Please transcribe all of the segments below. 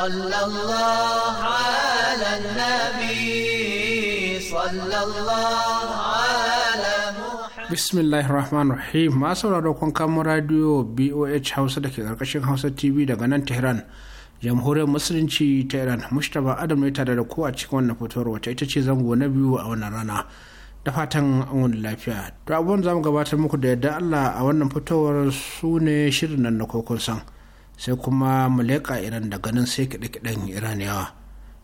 صلى الله على النبي صلى الله على rahim masu sauraro kun kamo radio boh hausa da ke karkashin hausa tv daga nan tehran jamhuriyar musulunci ta iran mustapha adam ne tare da ku a cikin wannan fitowar wata ita ce zango na biyu a wannan rana da fatan an lafiya to abubuwan za mu gabatar muku da yadda allah a wannan fitowar su ne shirin nan na kokon san sai kuma mu leƙa iran da ganin sai kiɗe-kiɗen yawa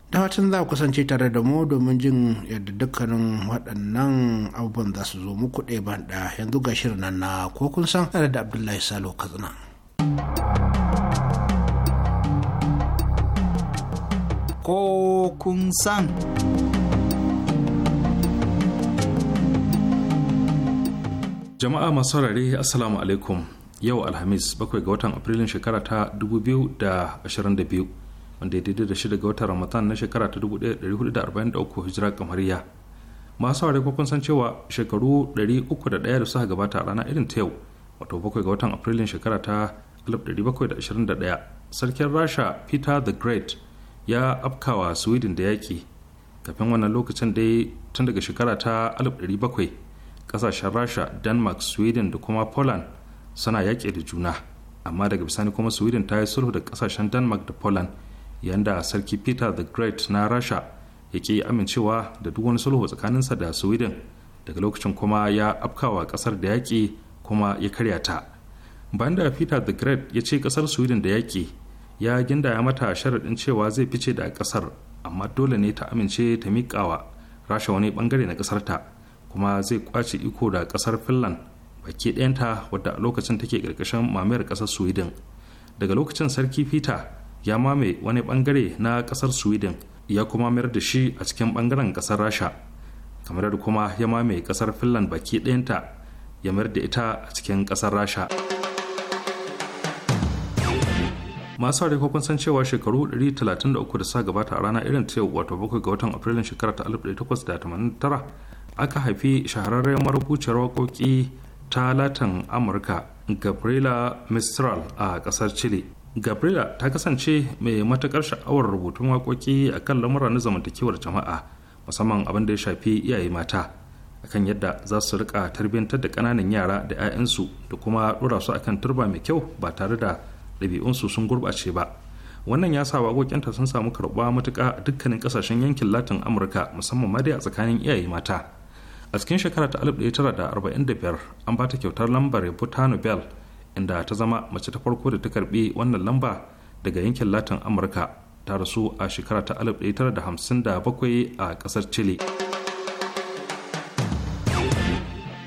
da fatan za ku kusance tare da mu domin jin yadda dukkanin waɗannan abubuwan za su zo muku ɗaya ban da yanzu ga shirin nan na ko kun san tare da abdullahi salo katsina ko kun san jama'a masu saurare assalamu alaikum yau alhamis bakwai ga watan afrilun shekara ta 2022 wanda ya daidai da shida ga watan ramadan na shekara ta 1443 hijira kamariya masu aure kun san cewa shekaru 301 da suka gabata a rana irin ta yau wato bakwai ga watan afrilun shekara ta 1721 sarkin rasha peter the great ya afkawa sweden da yaƙi kafin wannan lokacin dai tun daga shekara ta 1700 kasashen rasha denmark sweden da kuma poland suna yaƙi da juna amma daga bisani kuma sweden ta yi sulhu da kasashen denmark da poland yayin da sarki peter the great na rasha ya ke amincewa da duk wani sulhu tsakaninsa da sweden daga lokacin kuma ya afkawa kasar da yaƙi kuma ya karya ta bayan da peter the great ya ce kasar sweden da yaƙi ya gindaya mata sharaɗin cewa zai fice da kasar amma dole ne ta amince ta miƙawa rasha wani bangare na kasar ta kuma zai kwace iko da kasar finland baki ɗayanta wadda a lokacin take ƙarƙashin mamayar ƙasar sweden daga lokacin sarki peter ya mame wani bangare na ƙasar sweden ya kuma mayar da shi a cikin bangaren ƙasar rasha kamar da kuma ya mame ƙasar finland baki ɗayanta ya mayar da ita a cikin ƙasar rasha masu hari kun san cewa shekaru 133 da sa gabata a rana irin ta wato bakwai ga watan afrilun shekara ta 1889 aka haifi shahararren marubuciyar waƙoƙi ta latin amurka gabriela mistral a kasar chile gabriela ta kasance mai matakar sha'awar rubutun waƙoƙi a kan lamura na zamantakewar jama'a musamman abin da ya shafi iyaye mata akan yadda za su rika tarbiyyantar da ƙananan yara da 'ya'yansu da kuma ɗora su akan turba mai kyau ba tare da ɗabi'unsu sun gurɓace ba wannan ya sa waƙoƙinta sun samu karɓuwa matuƙa a dukkanin ƙasashen yankin latin amurka musamman ma dai a tsakanin iyaye mata a cikin shekara ta 1945 an ba ta kyautar lambar yabo nobel inda ta zama mace ta farko da ta karbi wannan lamba daga yankin latin amurka ta rasu a shekara ta 1957 a kasar chile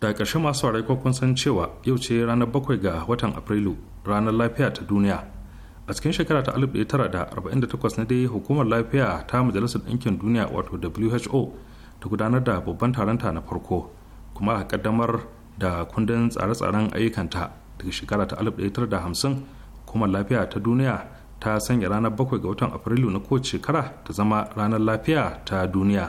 da ƙarshe masu warai kun san cewa yau ce ranar bakwai ga watan afrilu ranar lafiya ta duniya a cikin shekara ta 1948 na dai hukumar lafiya ta majalisar ɗinkin duniya wato who ta gudanar da babban taronta na farko kuma a kaddamar da kundin tsare-tsaren ayyukanta daga shekara ta 1950 kuma lafiya ta duniya ta sanya ranar bakwai ga watan afrilu na kowace shekara ta zama ranar lafiya ta duniya.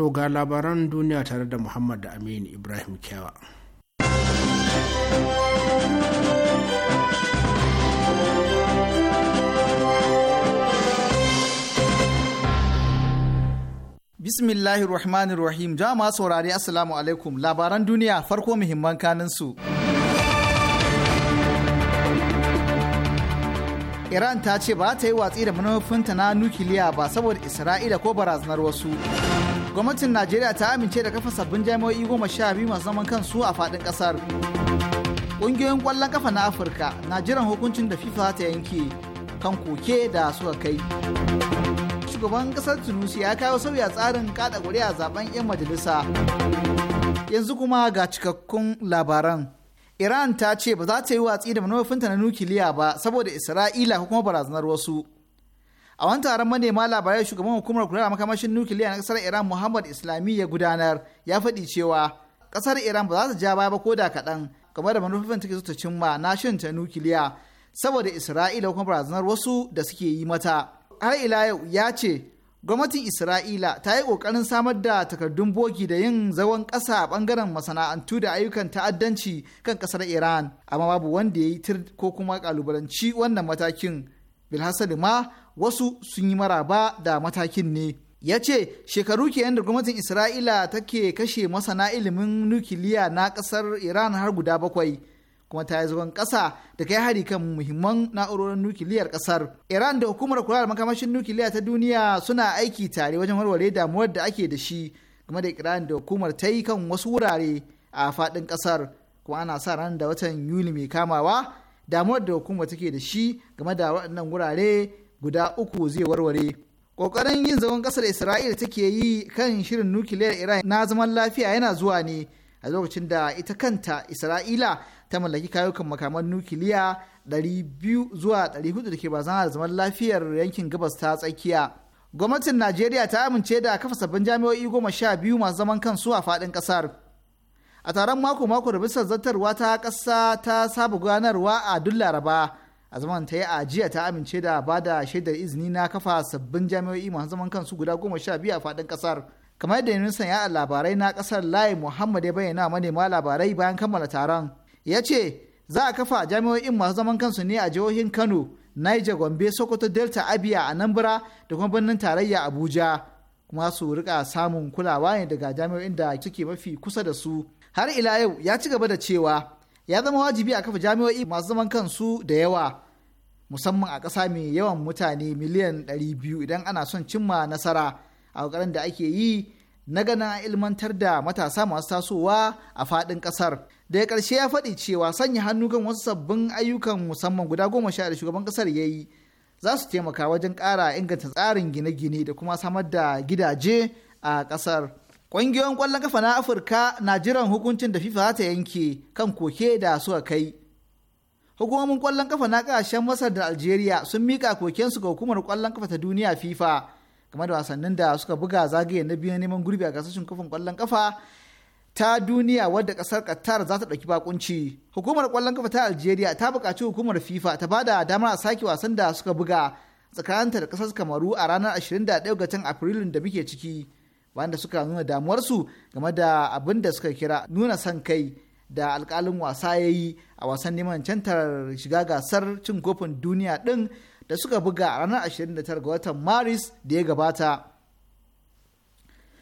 To ga labaran duniya tare da Muhammad Aminu Ibrahim Kewa. Bismillahir Rahmanir Rahim. Jama'a saurari Assalamu alaikum. Labaran duniya farko muhimman kanin su. Iran ta ce ba ta yi watsi da manufinta na nukiliya ba saboda Isra'ila ko barazanar wasu. gwamnatin najeriya ta amince da kafa sabbin jami'o'i goma sha biyu masu zaman kansu a faɗin ƙasar ƙungiyoyin ƙwallon kafa na afirka na jiran hukuncin da fifa ta yanke kan koke da suka kai shugaban ƙasar tunisia ya kawo sauya tsarin kada ƙuri'a zaben 'yan majalisa yanzu kuma ga cikakkun labaran iran ta ce ba za ta yi watsi da manufofinta na nukiliya ba saboda isra'ila ko kuma barazanar wasu a wani taron manema labarai shugaban hukumar kula da makamashin nukiliya na kasar iran muhammad islami ya gudanar ya faɗi cewa kasar iran ba za ta ja baya ba ko da kaɗan game da manufofin take so ta cimma na shin ta nukiliya saboda isra'ila kuma barazanar wasu da suke yi mata har ila yau ya ce gwamnatin isra'ila ta yi kokarin samar da takardun bogi da yin zagon ƙasa a bangaren masana'antu da ayyukan ta'addanci kan kasar iran amma babu wanda ya yi tir ko kuma kalubalanci wannan matakin bilhassali ma wasu sun yi maraba da matakin ne ya ce shekaru kenan da gwamnatin isra'ila take kashe masana ilimin nukiliya na kasar iran har guda bakwai kuma ta yi zuban kasa da kai hari kan muhimman na'urorin nukiliyar kasar. iran da hukumar kula da makamashin nukiliya ta duniya suna aiki tare wajen warware damuwar da ake da shi game da iran da hukumar ta yi kan wasu wurare a faɗin kasar kuma ana sa ran da watan yuli mai kamawa damuwar da hukuma take da shi game da waɗannan wurare guda uku zai warware ƙoƙarin yin zagon ƙasar isra'ila take yi kan shirin nukiliyar iran na zaman lafiya yana zuwa ne a lokacin da ita kanta isra'ila ta mallaki kayukan makaman nukiliya 200 zuwa 400 da ke bazana da zaman lafiyar yankin gabas ta tsakiya gwamnatin najeriya ta amince da kafa sabbin jami'o'i goma sha biyu masu zaman kansu a faɗin ƙasar a taron mako-mako da bisa zartarwa ta kasa ta saba gudanarwa a duk laraba a zaman ta yi a jiya ta amince da ba da shaidar izini na kafa sabbin jami'o'i masu zaman kansu guda goma sha biyu a faɗin ƙasar kamar yadda nisan ya labarai na ƙasar lai muhammad ya bayyana manema labarai bayan kammala taron ya ce za a kafa jami'o'in masu zaman kansu ne a jihohin kano niger gombe sokoto delta abia anambra da kuma birnin tarayya abuja kuma su rika samun kulawa ne daga jami'o'in da suke mafi kusa da su har ila yau ya ci gaba da cewa ya zama wajibi a kafa jami'o'i masu zaman kansu da yawa musamman a ƙasa mai yawan mutane miliyan 200 idan ana son cimma nasara a ƙoƙarin da ake yi na ganin ilmantar da matasa masu tasowa a faɗin ƙasar. da ya ƙarshe ya faɗi cewa sanya hannu kan wasu sabbin ayyukan musamman guda goma sha da shugaban ƙasar ya yi za su taimaka wajen ƙara inganta tsarin gine-gine da kuma samar da gidaje a ƙasar. Ƙungiyoyin ƙwallon kafa na Afirka na jiran hukuncin da FIFA ta yanke kan koke da suka kai. Hukumomin ƙwallon kafa na ƙasashen Masar da Algeria sun mika kokensu ga hukumar ƙwallon kafa ta duniya FIFA game da wasannin da suka buga zagaye na biyu na neman gurbi a gasashen kafin ƙwallon kafa ta duniya wadda ƙasar Qatar za ta ɗauki bakunci. Hukumar ƙwallon kafa ta Algeria ta buƙaci hukumar FIFA ta bada damar a sake wasan da suka buga tsakaninta da ƙasar Kamaru a ranar 21 ga Afrilun da muke ciki. wanda suka nuna damuwarsu game da abin da suka kira nuna son kai da alkalin wasa ya yi a wasan neman cantar shiga gasar cin kofin duniya ɗin da suka buga a ranar 29 ga watan maris da ya gabata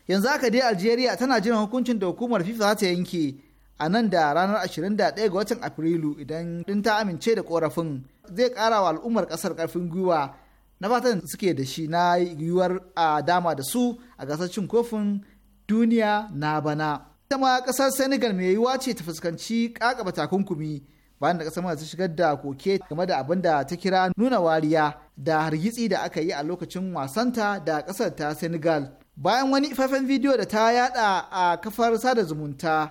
yanzu haka dai algeria tana jin hukuncin da hukumar fifa za ta yanke a nan da ranar 21 ga watan afrilu idan ɗin ta amince da korafin zai ƙara wa al'ummar ƙasar karfin gwiwa na fatan suke da shi na yiwuwar a dama da su a gasar cin kofin duniya na bana. Ita ma kasar Senegal mai yiwuwa ce ta fuskanci kakaba takunkumi bayan da ƙasar ta shigar da koke game da abin da ta kira nuna wariya da hargitsi da aka yi a lokacin wasanta da ƙasar ta Senegal. Bayan wani faifan bidiyo da ta yada a kafar sada zumunta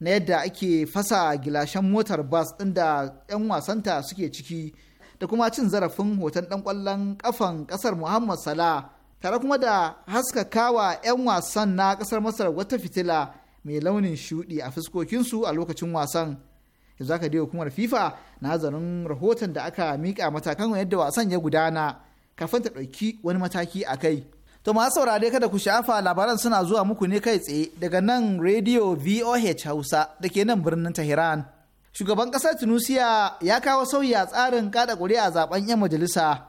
na yadda ake fasa gilashen motar bas ɗin da 'yan wasanta suke ciki da kuma cin zarafin hoton ɗan ƙwallon ƙafan ƙasar Muhammad Salah tare kuma da haskakawa 'yan wasan na ƙasar Masar wata fitila mai launin shudi a fuskokinsu a lokacin wasan. Yanzu aka dai hukumar FIFA na zanen rahoton da aka miƙa matakan yadda wasan ya gudana kafin ta ɗauki wani mataki a kai. To masu saurare kada ku shafa labaran suna zuwa muku ne kai tsaye daga nan Radio VOH Hausa da ke nan birnin Tehran. shugaban ƙasar tunisia ya kawo sauyi a tsarin kada ƙuri'a zaben 'yan majalisa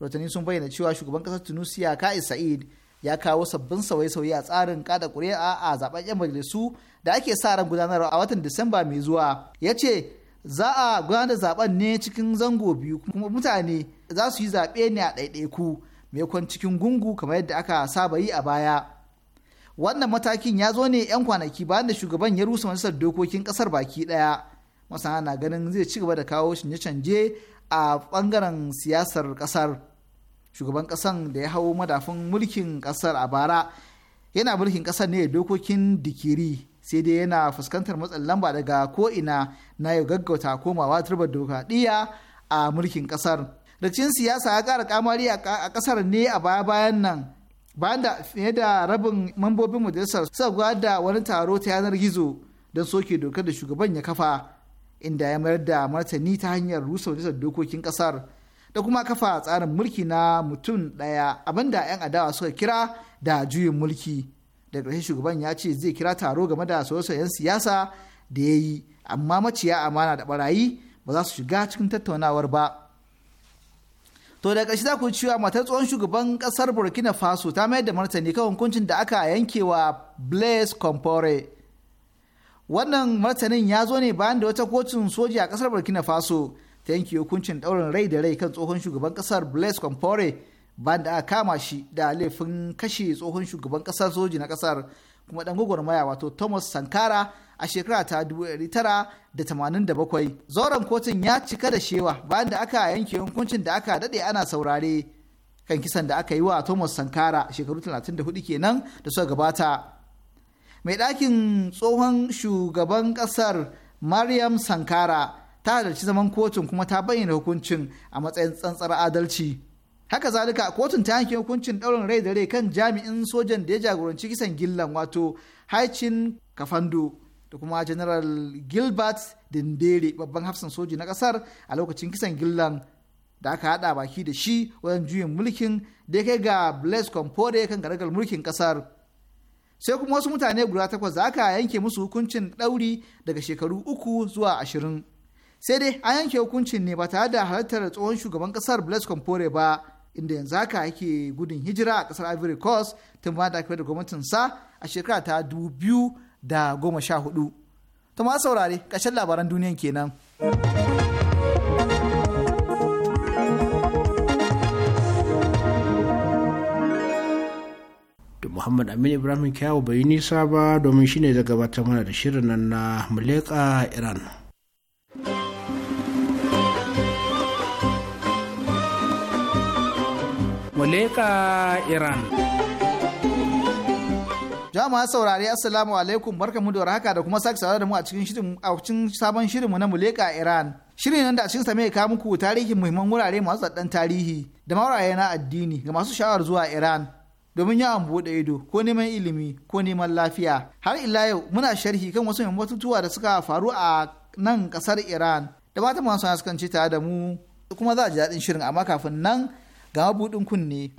rotani sun bayyana cewa shugaban ƙasar tunisia ka'is sa'id ya kawo sabbin sauye-sauye a tsarin kada ƙuri'a a zaben 'yan majalisu da ake sa ran gudanarwa a watan disamba mai zuwa ya ce za a gudanar zaben ne cikin zango biyu kuma mutane za su yi zaɓe ne a ɗaiɗaiku maimakon cikin gungu kamar yadda aka saba yi a baya wannan matakin ya zo ne 'yan kwanaki bayan da shugaban ya rusa majalisar dokokin ƙasar baki ɗaya masana na ganin zai ci gaba da kawo canje-canje a bangaren siyasar kasar shugaban kasan da ya hau madafin mulkin kasar a bara yana mulkin kasar ne dokokin dikiri sai dai yana fuskantar matsin lamba daga ko'ina na yau gaggauta komawa turbar dokadiyya a mulkin kasar rikicin siyasa ya kara kamari a kasar ne a baya bayan nan bayan da fiye da rabin mambobin majalisar suka gwada wani taro ta yanar gizo don soke dokar da shugaban ya kafa inda ya mayar da martani ta hanyar rusa wajen dokokin kasar da kuma kafa tsarin mulki na mutum ɗaya abinda 'yan adawa suka kira da juyin mulki da ƙarshen shugaban ya ce zai kira taro game da soyayyen siyasa da ya yi amma maciya amana da barayi ba za su shiga cikin tattaunawar ba to da ƙarshe za ku cewa matar tsohon shugaban ƙasar burkina faso ta mayar da martani kan hukuncin da aka yanke wa blaise compaore wannan martanin ya zo ne bayan da wata kotun soji a kasar burkina faso ta yanke hukuncin daurin rai da rai kan tsohon shugaban kasar blaise compaore bayan da aka kama shi da laifin kashe tsohon shugaban kasar soji na kasar kuma dan gwagwarmaya wato thomas sankara a shekara ta 1987 zauren kotun ya cika da shewa bayan da aka yanke hukuncin da aka dade ana saurare kan kisan da aka yi wa thomas sankara shekaru 34 kenan da suka gabata mai ɗakin tsohon shugaban ƙasar mariam sankara ta halarci zaman kotun kuma ta bayyana hukuncin a matsayin tsantsar adalci haka zalika kotun ta yanke hukuncin ɗaurin rai da rai kan jami'in sojan da ya jagoranci kisan gillan wato haicin kafando da kuma general gilbert dindere babban hafsan soji na ƙasar a lokacin kisan gillan da aka haɗa baki da shi wajen juyin mulkin da ya kai ga blaise compaore kan garagar mulkin ƙasar sai kuma wasu mutane guda takwas za ka yanke musu hukuncin ɗauri daga shekaru uku zuwa ashirin sai dai an yanke hukuncin ne ba tare da halartar tsohon shugaban ƙasar blaise compaore ba inda yanzu haka yake gudun hijira a ƙasar ivory coast tun ba da da gwamnatin sa a shekara ta dubu biyu da goma sha hudu. ta ma saurare ƙarshen labaran duniyan kenan. muhammad aminu ibrahim kyawu bai yi nisa ba domin ne da gabatar mana da shirin nan na muleka iran muleka iran jama'a saurari assalamu alaikum barkamu da haka da kuma sake saurari da mu a cikin shirin a cikin sabon shirinmu na muleka iran shirin nan da a cikin sa mai kawo muku tarihin muhimman wurare masu tsaddan tarihi da mauraye na addini ga masu sha'awar zuwa iran domin yawon buɗe ido ko neman ilimi ko neman lafiya har ila yau muna sharhi kan wasu batutuwa da suka faru a nan ƙasar iran da fatan masu sukan ci tare da mu kuma za a ji daɗin shirin amma kafin nan ga mabuɗin kunne.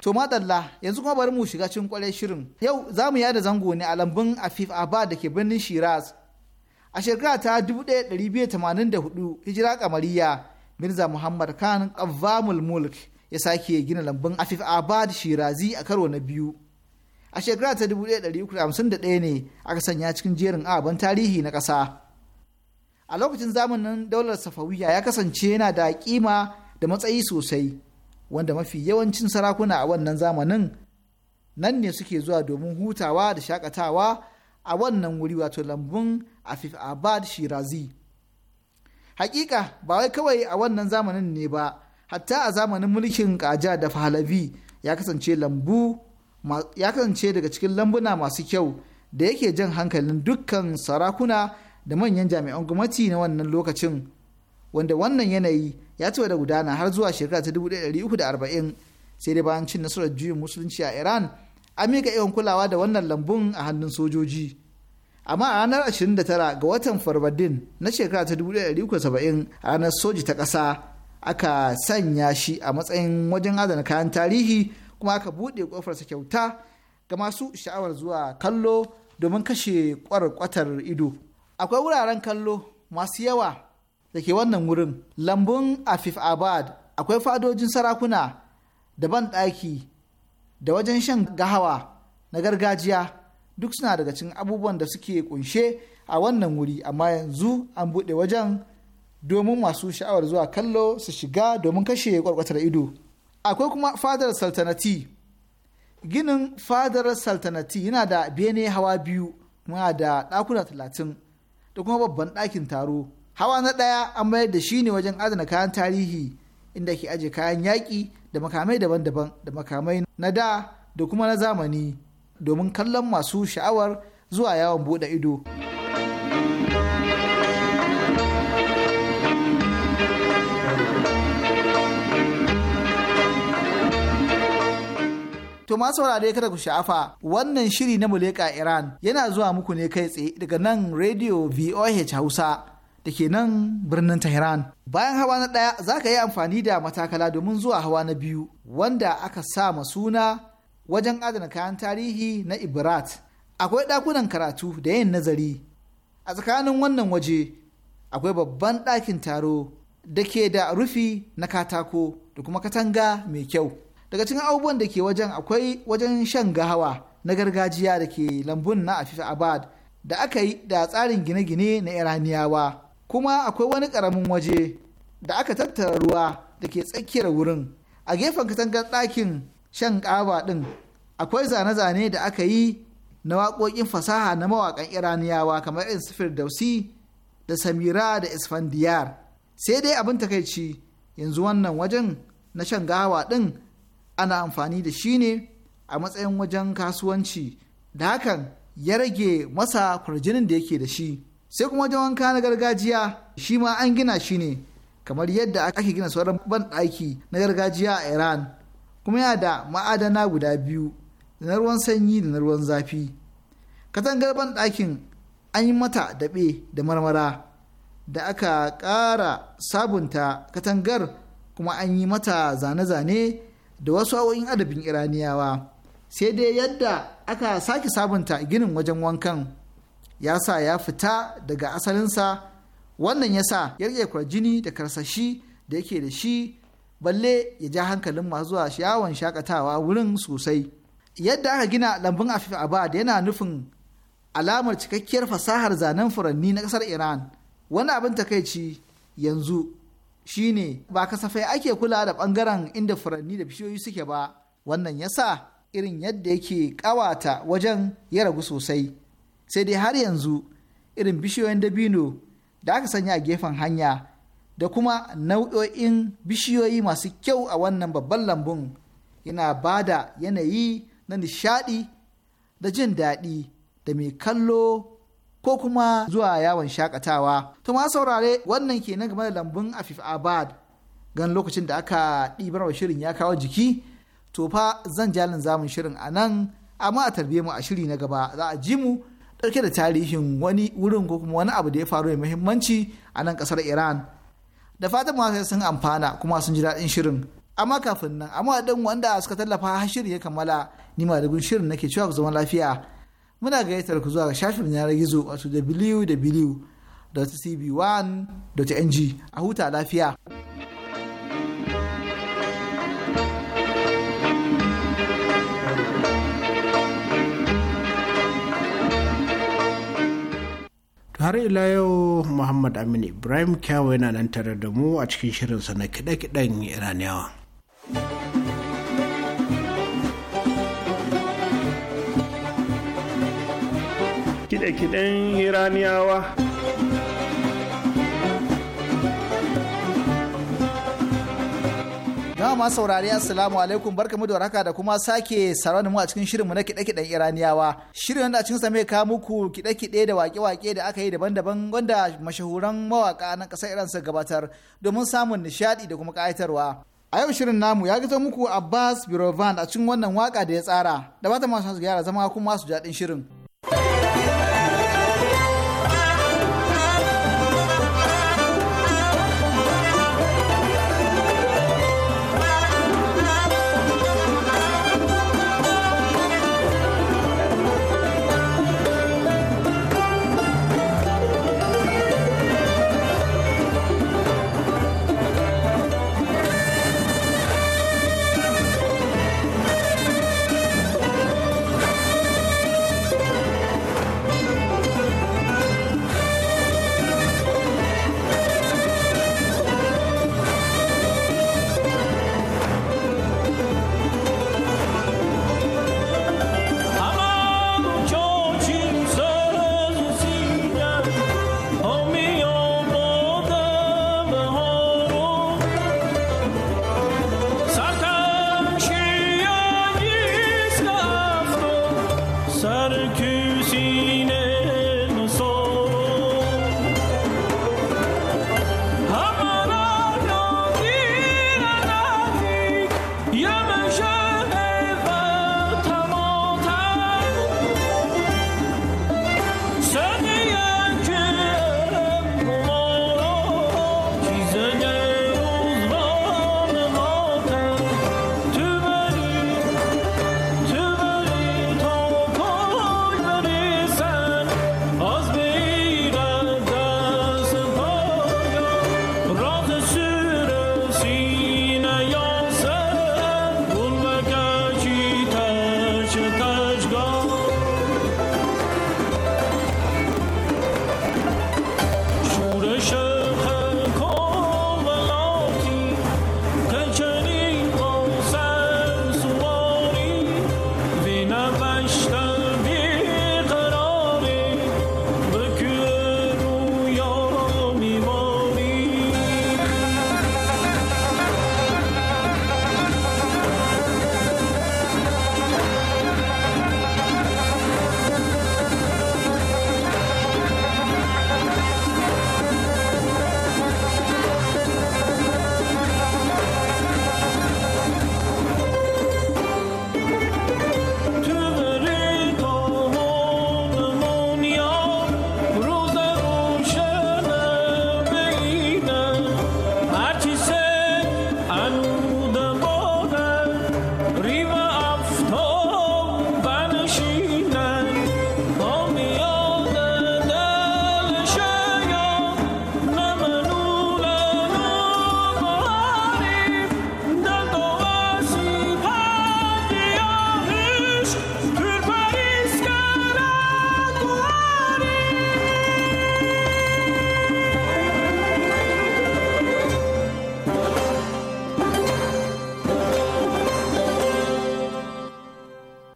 To madalla yanzu kuma bari mu shiga cikin kwarai shirin. Yau za mu yada zango ne a lambun Afif Abad da ke birnin Shiraz a shekara ta 1284 hijira kamariya mirza muhammad khan qawwamul mulk ya sake gina lambun afif abad shirazi a karo na biyu a shekara ta 1351 ne aka sanya cikin jerin ababen tarihi na ƙasa a lokacin zamanin daular safawiya ya kasance yana da kima da matsayi sosai wanda mafi yawancin sarakuna a wannan zamanin nan ne suke zuwa domin hutawa da shakatawa a wannan wuri wato lambun afif abad shirazi hakika ba wai kawai a wannan zamanin ne ba hatta a zamanin mulkin kaja da fahalabi ya kasance lambu ya kasance daga cikin lambuna masu kyau da yake jan hankalin dukkan sarakuna da manyan jami'an gwamnati na wannan lokacin wanda wannan yanayi ya ci da gudana har zuwa shekara ta 1340 sai dai bayan cin nasarar juyin musulunci a iran an mika yawan kulawa da wannan lambun a hannun sojoji amma a ranar 29 ga watan farbadin na shekara ta 1970 a ranar soji ta ƙasa aka sanya shi a matsayin wajen adana kayan tarihi kuma aka buɗe ƙofarsa kyauta ga masu sha'awar zuwa kallo domin kashe ƙwarƙwatar ido akwai wuraren kallo masu yawa da ke wannan wurin lambun afif abad akwai fadojin sarakuna da banɗaki ɗaki da wajen shan gahawa na gargajiya duk suna daga cikin abubuwan da suke kunshe a wannan wuri amma yanzu an buɗe wajen domin masu sha'awar zuwa kallo su shiga domin kashe kwarkwatar ido akwai kuma fadar saltanati ginin fadar saltanati yana da bene hawa biyu muna da ɗakuna talatin da kuma babban ɗakin taro hawa na ɗaya an mayar da shi ne wajen adana kayan tarihi inda ke aje kayan yaƙi da makamai daban-daban da makamai na da da kuma na zamani domin kallon masu sha'awar zuwa yawon bude ido. To ma saurare kada ku sha'afa wannan shiri na Muleka Iran yana zuwa muku ne kai tsaye daga nan Radio VOH Hausa da ke nan birnin Tehran. Bayan hawa na ɗaya za ka yi amfani da matakala domin zuwa hawa na biyu wanda aka sa ma suna wajen adana kayan tarihi na ibrat akwai ɗakunan karatu da yin nazari a tsakanin wannan waje akwai babban ɗakin taro da ke da rufi na katako da kuma katanga mai kyau daga cikin abubuwan da ke wajen akwai wajen shan gahawa na gargajiya da ke lambun na afifa abad da aka yi da tsarin gine-gine na iraniyawa kuma akwai wani ƙaramin waje da aka tattara ruwa da ke tsakiyar wurin a gefen katangar ɗakin shan ƙaba ɗin akwai zane-zane da aka yi na waƙoƙin fasaha na mawaƙan iraniyawa kamar irin sufir dausi da samira da isfandiyar sai dai abin takaici yanzu wannan wajen na shan gawa ɗin ana amfani da shi ne a matsayin wajen kasuwanci da hakan ya rage masa kwarjinin da yake da shi sai kuma wajen wanka na gargajiya shi ma an gina shi ne kamar yadda ake gina sauran banɗaki na gargajiya a iran kuma yana da ma'adana guda biyu da na ruwan sanyi da na ruwan zafi katangar ban ɗakin an yi mata daɓe da marmara da aka ƙara sabunta katangar kuma an yi mata zane-zane da wasu awoyin adabin iraniyawa sai dai yadda aka sake sabunta ginin wajen wankan ya sa ya fita daga asalinsa wannan ya sa ya rage kwarjini da karsashi da yake da shi balle ya ja hankalin masu zuwa yawon shakatawa wurin sosai yadda aka gina lambun afif abad yana nufin alamar cikakkiyar fasahar zanen furanni na kasar iran wani abin takaici yanzu shine ba kasafai ake kula da bangaren inda furanni da bishiyoyi suke ba wannan yasa irin yadda yake kawata wajen ya ragu sosai sai dai har yanzu irin bishiyoyin dabino da aka sanya a gefen hanya da kuma nau'o'in bishiyoyi masu kyau a wannan babban lambun yana ba da yanayi na nishaɗi da jin daɗi da mai kallo ko kuma zuwa yawon shakatawa. To ma saurare wannan ke na game da lambun Afif Abad gan lokacin da aka ɗibar wa shirin ya kawo jiki to fa zan jalin zamun shirin a nan amma a tarbiyyar mu a shiri na gaba za a ji mu ɗauke da tarihin wani wurin ko kuma wani abu da ya faru mai muhimmanci a nan ƙasar Iran. da fatan masu sun amfana kuma sun ji daɗin shirin amma kafin nan amma ɗin wanda suka tallafa har shirin ya kammala ni ma dubin shirin nake cewa ku zama lafiya muna gayyatar ku zuwa shafin yanar gizo wato www.cb1.ng a huta lafiya. har ila yau muhammad Amin ibrahim kyawu yana nan tare da mu a cikin shirinsa na kiɗe-kiɗen iraniyawa kiɗe-kiɗen iraniyawa ma saurari assalamu alaikum mu da warhaka da kuma sake sarauni mu a cikin shirin na kiɗe-kiɗen iraniyawa shirin wanda a cikin sa mai kawo muku kiɗe-kiɗe da waƙe-waƙe da aka yi daban-daban wanda mashahuran mawaƙa na ƙasar iran gabatar domin samun nishaɗi da kuma ƙayatarwa a yau shirin namu ya gazo muku abbas birovan a cikin wannan waka da ya tsara da ba ta masu gyara zama kuma su jaɗin shirin.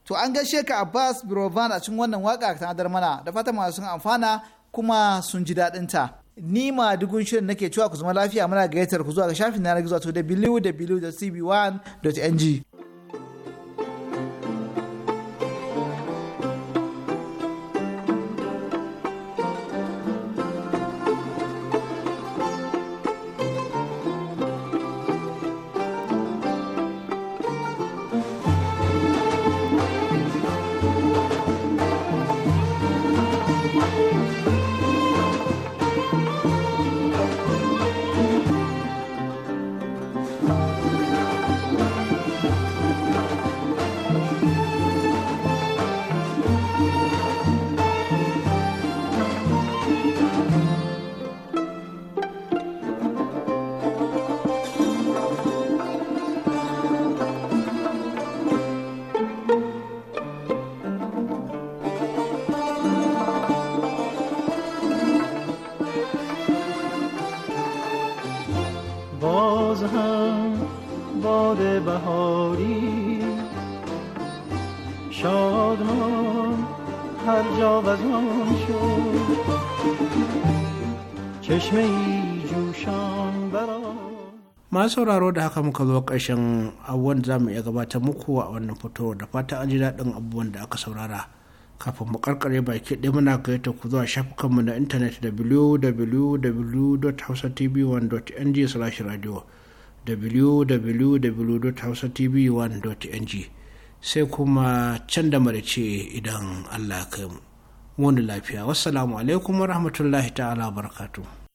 to an gaishe ka abbas birovan a cikin wannan waka ta adar mana da fata masu sun amfana kuma sun ji daɗin ta ni ma dugun shirin nake cewa ku zama lafiya muna gayyatar ku zuwa ga shafin na gizo to www.cb1.ng masu sauraro da haka muka zo ƙarshen abubuwan da za mu iya gabatar muku a wannan fito da fata an ji daɗin abubuwan da aka saurara kafin mu karkare baki ɗaya muna gayyata ku zuwa shafukanmu na intanet www.hausatv1.ng slash radio www.hausatv1.ng sai kuma can da marace idan allah kai mu wani lafiya wassalamu alaikum warahmatullahi ta'ala barakatuh